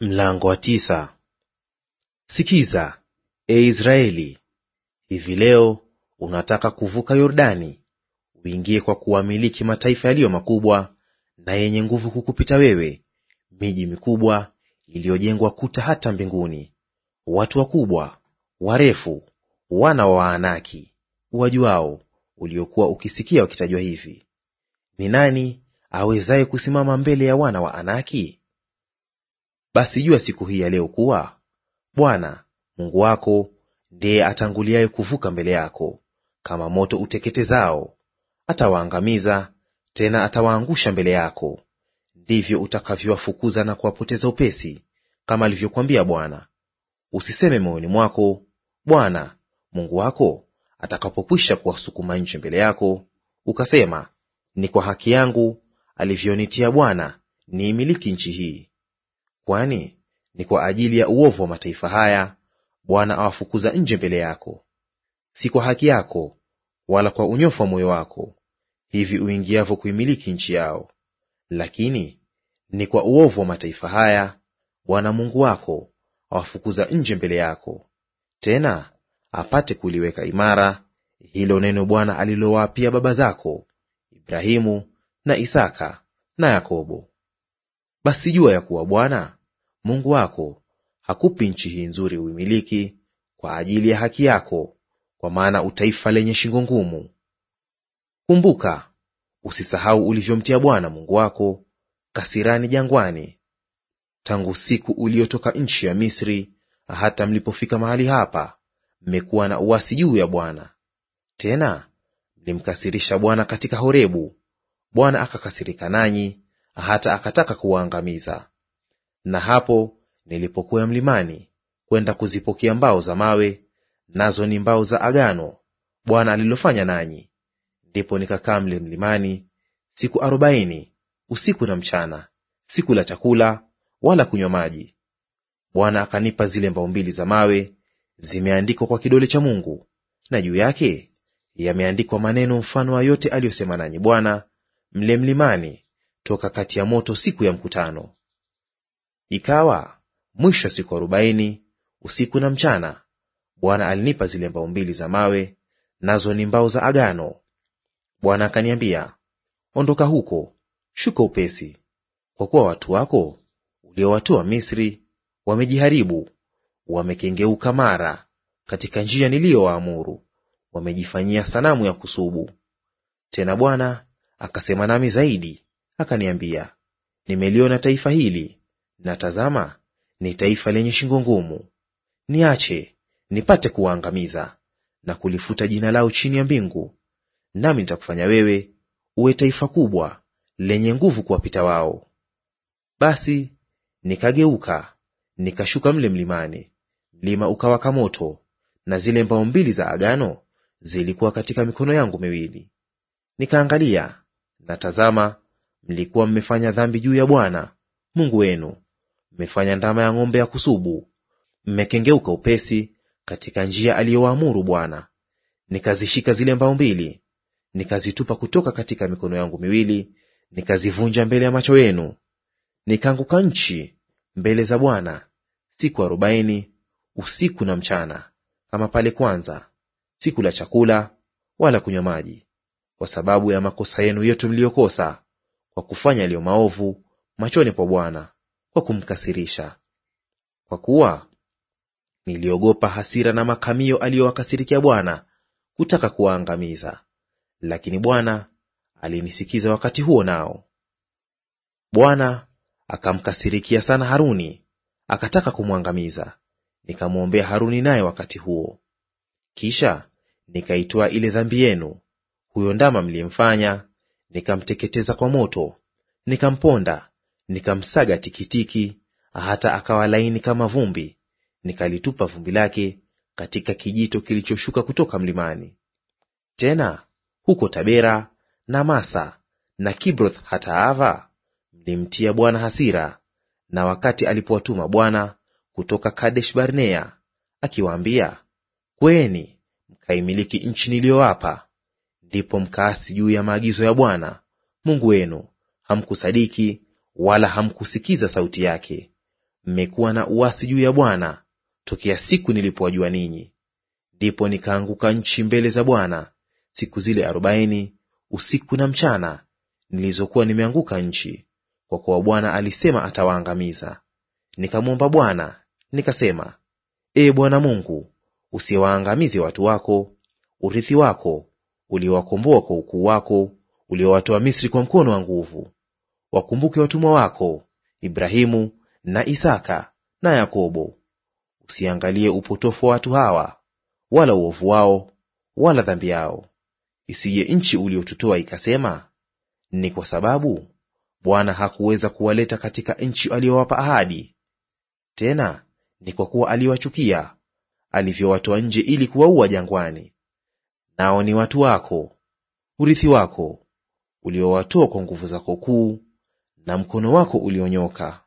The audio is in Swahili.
Mlango wa tisa. Sikiza, e Israeli, hivi leo unataka kuvuka Yordani uingie kwa kuwamiliki mataifa yaliyo makubwa na yenye nguvu kukupita wewe, miji mikubwa iliyojengwa kuta hata mbinguni, watu wakubwa, warefu, wana wa Waanaki, wajuao, uliokuwa ukisikia wakitajwa hivi. Ni nani awezaye kusimama mbele ya wana wa Anaki? Basi jua siku hii ya leo kuwa Bwana Mungu wako ndiye atanguliaye kuvuka mbele yako kama moto uteketezao; atawaangamiza tena atawaangusha mbele yako. Ndivyo utakavyowafukuza na kuwapoteza upesi, kama alivyokwambia Bwana. Usiseme moyoni mwako, Bwana Mungu wako atakapokwisha kuwasukuma nchi mbele yako, ukasema, ni kwa haki yangu alivyonitia Bwana niimiliki nchi hii. Kwani ni kwa ajili ya uovu wa mataifa haya Bwana awafukuza nje mbele yako, si kwa haki yako wala kwa unyofu wa moyo wako, hivi uingiavyo kuimiliki nchi yao, lakini ni kwa uovu wa mataifa haya Bwana Mungu wako awafukuza nje mbele yako, tena apate kuliweka imara hilo neno Bwana alilowaapia baba zako Ibrahimu na Isaka na Yakobo. Basi jua ya kuwa Bwana Mungu wako hakupi nchi hii nzuri uimiliki kwa ajili ya haki yako, kwa maana utaifa lenye shingo ngumu. Kumbuka usisahau ulivyomtia Bwana Mungu wako kasirani jangwani, tangu siku uliotoka nchi ya Misri hata mlipofika mahali hapa, mmekuwa na uasi juu ya Bwana. Tena mlimkasirisha Bwana katika Horebu, Bwana akakasirika nanyi hata akataka kuwaangamiza. Na hapo nilipokuwa mlimani kwenda kuzipokea mbao za mawe, nazo ni mbao za agano Bwana alilofanya nanyi, ndipo nikakaa mle mlimani siku arobaini usiku na mchana, sikula chakula wala kunywa maji. Bwana akanipa zile mbao mbili za mawe, zimeandikwa kwa kidole cha Mungu, na juu yake yameandikwa maneno mfano wa yote aliyosema nanyi Bwana mle mlimani toka kati ya moto siku ya mkutano. Ikawa mwisho wa siku arobaini usiku na mchana, Bwana alinipa zile mbao mbili za mawe, nazo ni mbao za agano. Bwana akaniambia, ondoka huko, shuka upesi, kwa kuwa watu wako uliowatoa Misri wamejiharibu, wamekengeuka mara katika njia niliyowaamuru, wamejifanyia sanamu ya kusubu. Tena Bwana akasema nami zaidi, akaniambia, nimeliona taifa hili na tazama, ni taifa lenye shingo ngumu; niache nipate kuwaangamiza na kulifuta jina lao chini ya mbingu, nami nitakufanya wewe uwe taifa kubwa lenye nguvu kuwapita wao. Basi nikageuka nikashuka mle mlimani, mlima ukawaka moto, na zile mbao mbili za agano zilikuwa katika mikono yangu miwili. Nikaangalia, na tazama, mlikuwa mmefanya dhambi juu ya Bwana Mungu wenu, mmefanya ndama ya ng'ombe ya kusubu, mmekengeuka upesi katika njia aliyowaamuru Bwana. Nikazishika zile mbao mbili, nikazitupa kutoka katika mikono yangu miwili, nikazivunja mbele ya macho yenu. Nikaanguka nchi mbele za Bwana siku arobaini usiku na mchana, kama pale kwanza; sikula chakula wala kunywa maji, kwa sababu ya makosa yenu yote mliyokosa, kwa kufanya yaliyo maovu machoni pa Bwana kwa kumkasirisha, kwa kuwa niliogopa hasira na makamio aliyowakasirikia Bwana kutaka kuwaangamiza, lakini Bwana alinisikiza wakati huo nao. Bwana akamkasirikia sana Haruni, akataka kumwangamiza. Nikamwombea Haruni naye wakati huo. Kisha nikaitoa ile dhambi yenu, huyo ndama mliyemfanya, nikamteketeza kwa moto, nikamponda Nikamsaga tikitiki hata akawa laini kama vumbi, nikalitupa vumbi lake katika kijito kilichoshuka kutoka mlimani. Tena huko Tabera na Masa na Kibroth hataava mlimtia Bwana hasira, na wakati alipowatuma Bwana kutoka Kadesh Barnea akiwaambia, kweni mkaimiliki nchi niliyowapa, ndipo mkaasi juu ya maagizo ya Bwana Mungu wenu, hamkusadiki wala hamkusikiza sauti yake. Mmekuwa na uasi juu ya Bwana tokea siku nilipowajua ninyi. Ndipo nikaanguka nchi mbele za Bwana siku zile arobaini usiku na mchana nilizokuwa nimeanguka nchi, kwa kuwa Bwana alisema atawaangamiza. Nikamwomba Bwana nikasema, Ee Bwana Mungu, usiwaangamize watu wako, urithi wako uliowakomboa kwa ukuu wako, uliowatoa Misri kwa mkono wa nguvu wakumbuke watumwa wako Ibrahimu na Isaka na Yakobo. Usiangalie upotofu wa watu hawa, wala uovu wao, wala dhambi yao, isije nchi uliotutoa ikasema, ni kwa sababu Bwana hakuweza kuwaleta katika nchi aliyowapa ahadi; tena ni kwa kuwa aliwachukia alivyowatoa nje ili kuwaua jangwani. Nao ni watu wako, urithi wako, uliowatoa kwa nguvu zako kuu na mkono wako ulionyoka